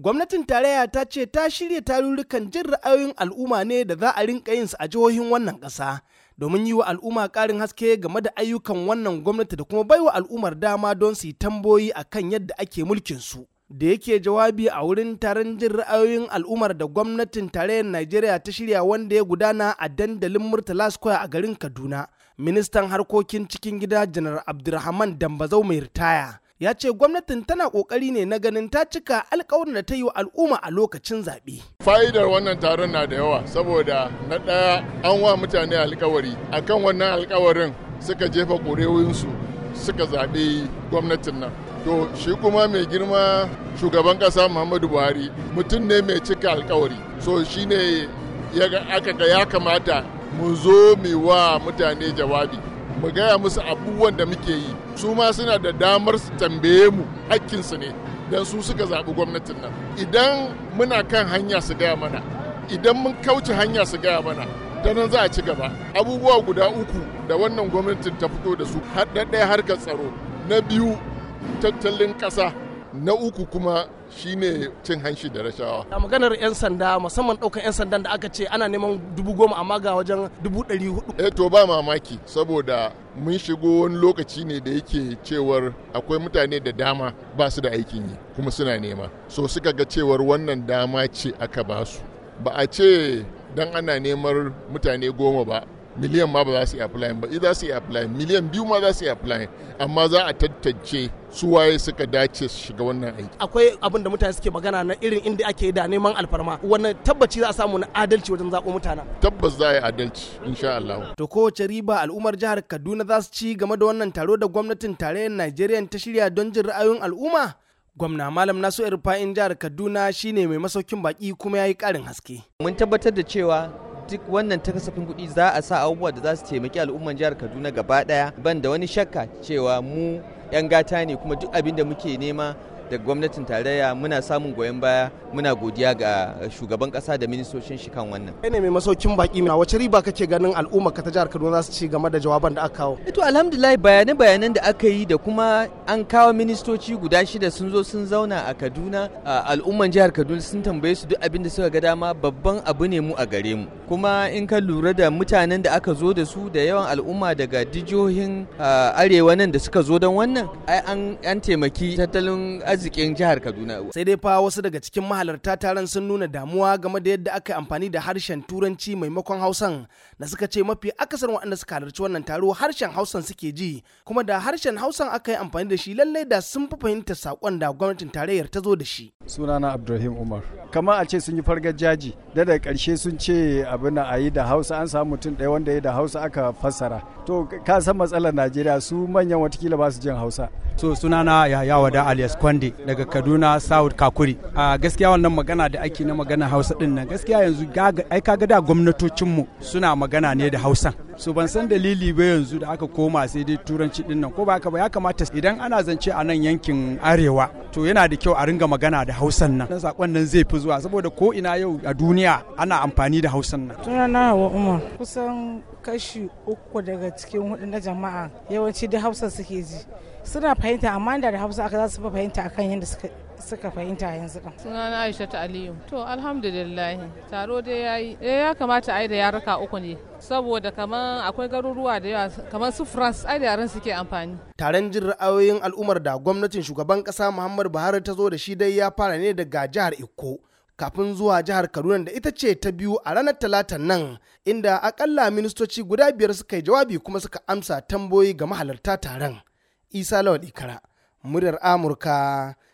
Gwamnatin tarayya ta ce ta shirya tarurrukan jin ra'ayoyin al'umma ne da za a rinka yin su a jihohin wannan ƙasa domin yi wa al'umma ƙarin haske game da ayyukan wannan gwamnati da kuma baiwa al'ummar dama don su yi tambayoyi kan yadda ake mulkin su. da yake jawabi a wurin taron jin ra'ayoyin al'ummar da gwamnatin tarayyar Najeriya ta shirya wanda ya gudana a dandalin Murtala Square a garin Kaduna. Ministan harkokin cikin gida Janar Abdulrahman Dambazau mai ritaya ya ce gwamnatin tana kokari ne na ganin ta cika alkawarin da ta yi wa al'umma a lokacin zaɓe. fa'idar wannan taron na da yawa saboda na ɗaya an wa mutane alkawari akan wannan alkawarin suka jefa ƙurewoyinsu suka zaɓe gwamnatin nan to shi kuma mai girma shugaban ƙasa muhammadu buhari mutum ne mai cika alkawari so shi ne ga ya kamata mu zo mu wa mutane jawabi mu gaya musu abubuwan da muke yi su ma suna da damar su tambaye mu hakkinsu ne don su suka zaɓi gwamnatin nan idan muna kan hanya su gaya mana idan mun kauce hanya su gaya mana ta nan za a ci gaba abubuwa guda uku da wannan gwamnatin ta fito da su har harkar tsaro na biyu tattalin ƙasa na uku kuma shine cin hanshi da rashawa a maganar 'yan sanda musamman ɗaukar 'yan sandan da aka ce ana neman dubu goma amma ga wajen dubu ɗari hudu eh to ba mamaki saboda mun shigo wani lokaci ne da yake cewar akwai mutane da dama ba su da aikin yi kuma suna nema so suka ga cewar wannan dama ce aka ba su ba a ce dan ana neman mutane goma ba miliyan ma ba za su yi apply ba idan eh, su yi apply miliyan biyu ma za su yi apply amma za a tantance su waye suka dace su shiga wannan aiki akwai abin da mutane suke magana na irin inda ake da neman alfarma wannan tabbaci za a samu na adalci wajen zaɓo mutana. tabbas za a yi adalci insha Allah to kowace riba al'ummar jihar Kaduna za su ci game da wannan taro da gwamnatin tarayyar Najeriya ta shirya don jin ra'ayoyin al'umma gwamna malam nasu irfa'in jihar kaduna shine mai masaukin baki kuma ya yi karin haske mun tabbatar da cewa duk wannan ta kasafin kuɗi za a sa abubuwa da za su taimaki al'umman jihar kaduna gaba ɗaya ban da wani shakka cewa mu 'yan gata ne kuma duk abin da muke nema daga gwamnatin tarayya muna samun goyon baya muna godiya ga shugaban kasa da ministocin shi kan wannan kai ne mai masaukin baki mai wace riba kake ganin al'umma ka ta jihar Kaduna za su ci game da jawaban da aka kawo eh to alhamdulillah bayanan bayanan da aka yi da kuma an kawo ministoci guda shida sun zo sun zauna a Kaduna al'umman jihar Kaduna sun tambaye su duk abin da suka ga dama babban abu ne mu a gare mu kuma in ka lura da mutanen da aka zo da su da yawan al'umma daga dijohin ah, arewa nan da suka zo don wannan ai an taimaki tattalin arzikin jihar kaduna sai dai fa wasu daga cikin mahalarta taron sun nuna damuwa game da yadda aka amfani da harshen turanci maimakon hausan da suka ce mafi akasar waɗanda suka halarci wannan taro harshen hausan suke ji kuma da harshen hausan aka yi amfani da shi lallai da sun fi fahimta saƙon da gwamnatin tarayyar ta zo da shi sunana abdulrahim umar kamar a ce sun yi fargar jaji da da karshe sun ce abin a yi da hausa an samu mutum ɗaya wanda ya da hausa aka fassara to ka san matsalar najeriya su manyan watakila ba su jin hausa so sunana yawa da alias kwande daga kaduna south kakuri a gaskiya wannan magana da ake na magana hausa din nan gaskiya yanzu ai kaga da gwamnatocinmu suna magana ne da hausa su ban san dalili ba yanzu da aka koma sai dai turanci din nan ko ba ba ya kamata idan ana zance a nan yankin arewa to yana da kyau a ringa magana da hausan nan nan sakon nan zai fi zuwa saboda ko ina yau a duniya ana amfani da hausan nan na hawa umar kusan kashi uku daga cikin hudu na jama'a yawanci da hausa suke ji suna fahimta amma da hausa aka za su fahimta akan yadda suka suka fahimta yanzu din sunana aisha ta aliyu to alhamdulillah taro dai yayi eh ya kamata ai da yaruka uku ne saboda kamar akwai garuruwa da yawa kamar su france ai da yaran suke amfani taron jin ra'ayoyin al'ummar da gwamnatin shugaban kasa muhammad buhari ta zo da shi dai ya fara ne daga jihar ikko kafin zuwa jihar Kaduna da ita ce ta biyu a ranar talata nan inda akalla ministoci guda biyar suka yi jawabi kuma suka amsa tambayoyi ga mahalarta taron. Isa Lawal Ikara, muryar Amurka